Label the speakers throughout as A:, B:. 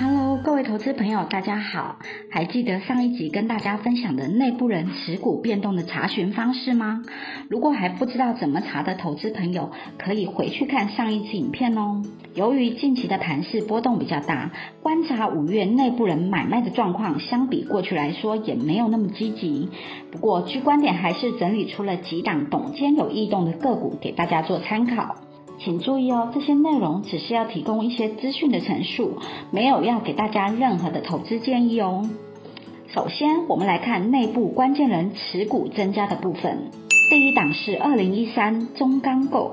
A: Hello，各位投資朋友，大家好。還記得上一集跟大家分享的內部人持股變動的查詢方式嗎？如果還不知道怎麼查的投資朋友，可以回去看上一支影片哦。由於近期的盤勢波動比較大，觀察五月內部人買賣的狀況，相比過去來說也沒有那麼積極。不過，G 觀點還是整理出了幾檔董監有異動的個股，給大家做參考。請注意哦，這些內容只是要提供一些資訊的陳述，沒有要給大家任何的投資建議哦。首先，我們來看內部關鍵人持股增加的部分。第一檔是二零一三中鋼構。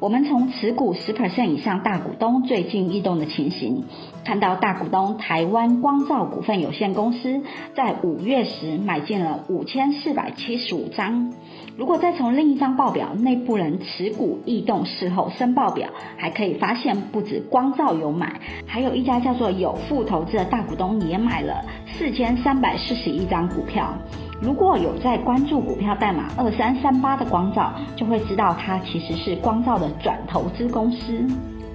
A: 我們從持股十 percent 以上大股東最近異動的情形，看到大股東台灣光照股份有限公司在五月時買進了五千四百七十五張。如果再從另一張報表內部人持股異動事後申報表，還可以發現不止光照有買，還有一家叫做有富投資的大股東也買了四千三百四十一張股票。如果有在關注股票代碼二三三八的光照就會知道它其實是光照的轉投資公司。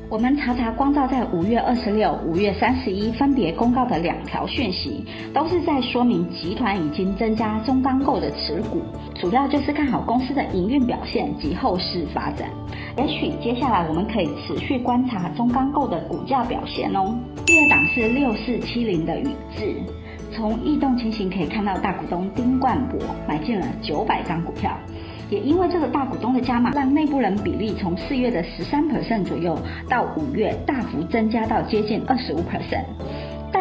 A: 我們查查光照在五月二十六、五月三十一分別公告的兩條訊息，都是在說明集團已經增加中鋼構的持股，主要就是看好公司的營運表現及後市發展。也許接下來我們可以持續觀察中鋼構的股價表現哦。第二檔是六四七零的宇智。從異動情形可以看到，大股東丁冠博買進了九百張股票，也因為這個大股東的加碼，讓內部人比例從四月的十三 percent 左右，到五月大幅增加到接近二十五 percent。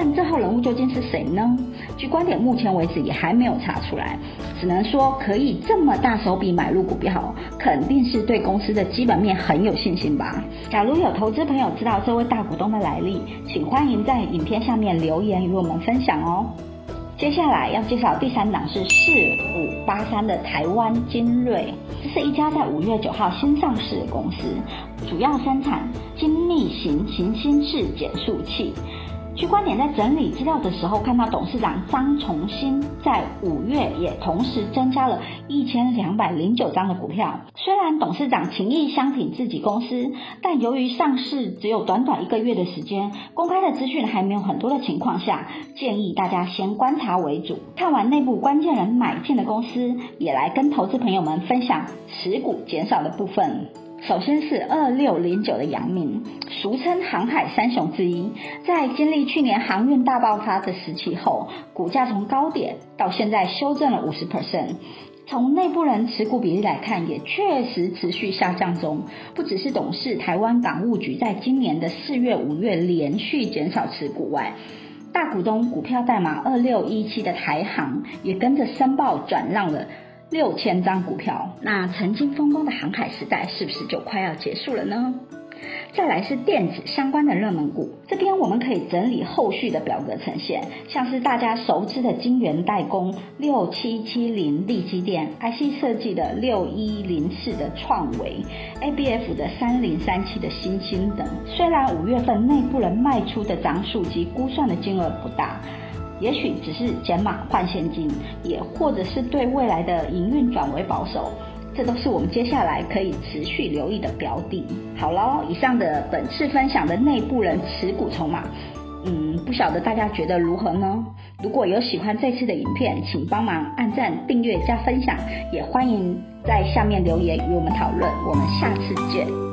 A: 但這號人物究竟是誰呢？G 觀點，目前為止也還沒有查出來，只能說可以這麼大手筆買入股票，肯定是對公司的基本面很有信心吧。假如有投資朋友知道這位大股東的來歷，請歡迎在影片下面留言與我們分享哦。接下來要介紹第三檔是四五八三的台灣精銳，這是一家在五月九號新上市的公司，主要生產精密型行星式減速器。G 觀點在整理資料的時候，看到董事長張重新在五月也同時增加了一千兩百零九張的股票。雖然董事長情義相挺自己公司，但由於上市只有短短一個月的時間，公開的資訊還沒有很多的情況下，建議大家先觀察為主。看完內部關鍵人買進的公司，也來跟投資朋友們分享持股減少的部分。首先是二六零九的陽明，俗稱航海三雄之一，在經歷去年航運大爆發的時期後，股價從高點到現在修正了五十 percent。從內部人持股比例來看，也確實持續下降中。不只是董事臺灣港務局在今年的四月、五月連續減少持股外，大股東股票代碼二六一七的台航也跟着申報轉讓了。六千張股票，那曾經風光的航海時代是不是就快要結束了呢？再來是電子相關的熱門股，這邊我們可以整理後續的表格呈現，像是大家熟知的晶圓代工六七七零、力積電 IC 設計的六一零四的創惟、ABF 的三零三七的欣興等。雖然五月份內部人賣出的張數及估算的金額不大。也許只是減碼換現金，也或者是對未來的營運轉為保守，這都是我們接下來可以持續留意的標的。好囉，以上的本次分享的內部人持股籌碼，嗯，不曉得大家覺得如何呢？如果有喜歡這次的影片，請幫忙按讚、訂閱加分享，也歡迎在下面留言與我們討論。我們下次見。